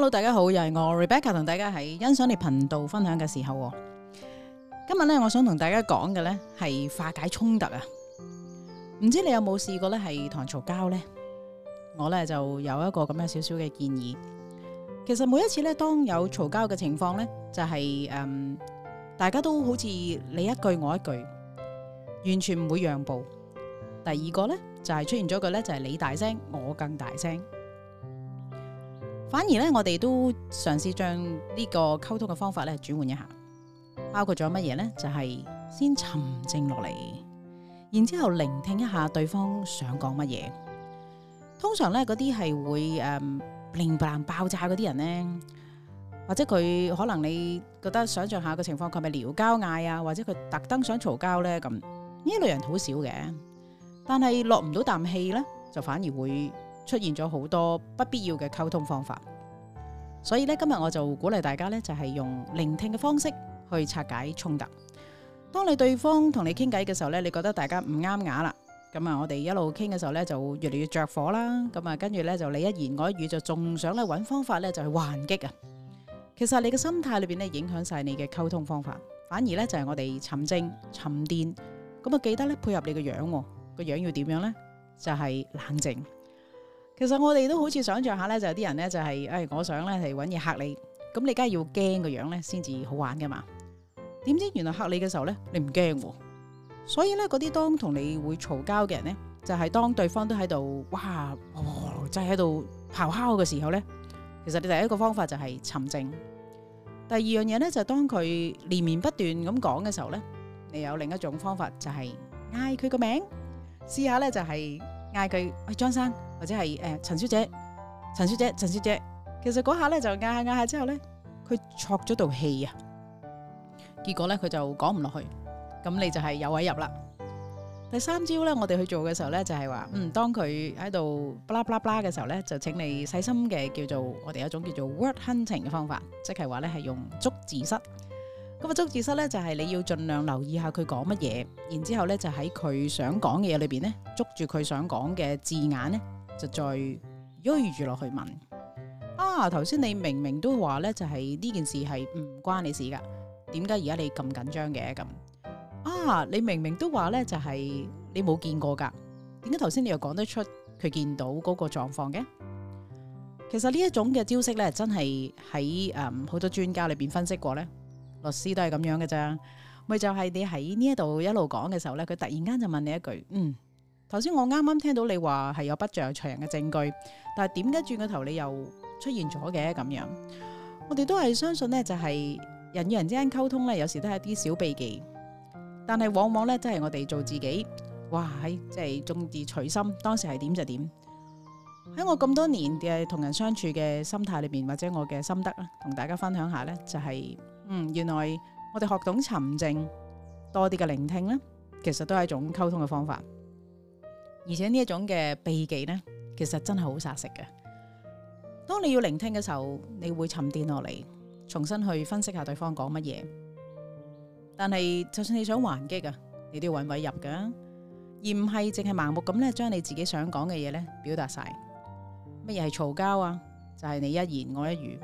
hello，大家好，又係我 Rebecca 同大家喺欣賞你頻道分享嘅時候，今日咧我想同大家講嘅咧係化解衝突啊！唔知你有冇試過咧係同人嘈交咧？我咧就有一個咁樣少少嘅建議。其實每一次咧，當有嘈交嘅情況咧，就係、是、誒、嗯，大家都好似你一句我一句，完全唔會讓步。第二個咧就係、是、出現咗個咧就係你大聲，我更大聲。反而咧，我哋都嘗試將呢個溝通嘅方法咧轉換一下，包括咗乜嘢咧？就係、是、先沉靜落嚟，然之後聆聽一下對方想講乜嘢。通常咧，嗰啲係會誒，嘣、嗯、嘣爆炸嗰啲人咧，或者佢可能你覺得想象下嘅情況，佢咪撩交嗌啊？或者佢特登想嘈交咧？咁呢類人好少嘅，但係落唔到啖氣咧，就反而會。出現咗好多不必要嘅溝通方法，所以咧今日我就鼓勵大家咧就係用聆聽嘅方式去拆解衝突。當你對方同你傾偈嘅時候咧，你覺得大家唔啱牙啦，咁啊我哋一路傾嘅時候咧就越嚟越着火啦，咁啊跟住咧就你一言我一語就仲想咧揾方法咧就去還擊啊。其實你嘅心態裏邊咧影響晒你嘅溝通方法，反而咧就係我哋沉靜沉澱，咁啊記得咧配合你嘅樣，個樣要點樣咧就係冷靜。其實我哋都好似想象下咧，就有啲人咧就係誒，我想咧係搵嘢嚇你，咁你梗係要驚個樣咧，先至好玩噶嘛？點知原來嚇你嘅時候咧，你唔驚喎，所以咧嗰啲當同你會嘈交嘅人咧，就係當對方都喺度哇哦，真係喺度咆哮嘅時候咧，其實你第一個方法就係沉靜，第二樣嘢咧就係當佢連綿不斷咁講嘅時候咧，你有另一種方法就係嗌佢個名，試下咧就係嗌佢喂張生。或者係誒，陳小姐、陳小姐、陳小姐，其實嗰下咧就嗌下嗌下之後咧，佢撮咗道氣啊。結果咧，佢就講唔落去，咁你就係有位入啦。第三招咧，我哋去做嘅時候咧，就係話嗯，當佢喺度 bla bla bla 嘅時候咧，就請你細心嘅叫做我哋有一種叫做 word hunting 嘅方法，即係話咧係用捉字虱。咁啊，捉字虱咧就係你要盡量留意下佢講乜嘢，然之後咧就喺佢想講嘅嘢裏邊咧捉住佢想講嘅字眼咧。就再喐住落去問啊，頭先你明明都話咧，就係、是、呢件事係唔關你事噶，點解而家你咁緊張嘅咁啊？你明明都話咧，就係、是、你冇見過噶，點解頭先你又講得出佢見到嗰個狀況嘅？其實呢一種嘅招式咧，真係喺誒好多專家裏邊分析過咧，律師都係咁樣嘅咋。咪就係、是、你喺呢一度一路講嘅時候咧，佢突然間就問你一句，嗯。頭先我啱啱聽到你話係有不着常人嘅證據，但係點解轉個頭你又出現咗嘅咁樣？我哋都係相信咧，就係人與人之間溝通咧，有時都係啲小秘技。但係往往咧，真係我哋做自己，哇，即係眾志隨心，當時係點就點。喺我咁多年嘅同人相處嘅心態裏邊，或者我嘅心得咧，同大家分享一下咧，就係、是、嗯，原來我哋學懂沉靜多啲嘅聆聽咧，其實都係一種溝通嘅方法。而且呢一種嘅避忌呢，其實真係好殺食嘅。當你要聆聽嘅時候，你會沉澱落嚟，重新去分析下對方講乜嘢。但係就算你想還擊啊，你都要揾位入嘅，而唔係淨係盲目咁咧，將你自己想講嘅嘢咧表達晒。乜嘢係嘈交啊？就係你一言我一語。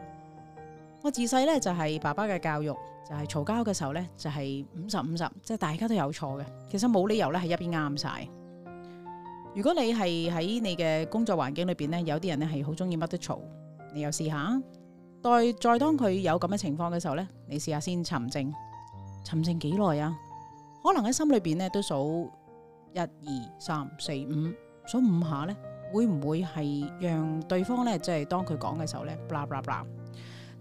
我自細呢，就係爸爸嘅教育，就係嘈交嘅時候呢，就係五十五十，即係大家都有錯嘅。其實冇理由咧係一邊啱晒。如果你係喺你嘅工作環境裏邊咧，有啲人咧係好中意乜都嘈，你又試下，待再當佢有咁嘅情況嘅時候咧，你試下先沉靜，沉靜幾耐啊？可能喺心裏邊咧都數一二三四五，數五下咧，會唔會係讓對方咧，即係當佢講嘅時候咧，blah blah blah。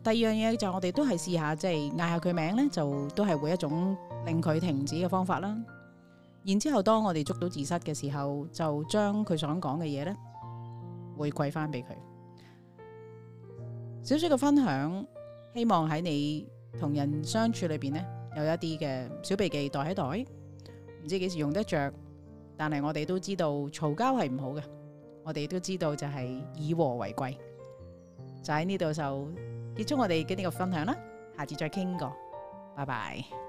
第二樣嘢就我哋都係試下，即係嗌下佢名咧，就都係會一種令佢停止嘅方法啦。然之後，當我哋捉到自殺嘅時候，就將佢想講嘅嘢咧，會回饋翻俾佢。小小嘅分享，希望喺你同人相處裏邊呢，有一啲嘅小秘技袋喺袋，唔知幾時用得着。但係我哋都知道，嘈交係唔好嘅。我哋都知道就係以和為貴。就喺呢度就結束我哋今日嘅分享啦。下次再傾過，拜拜。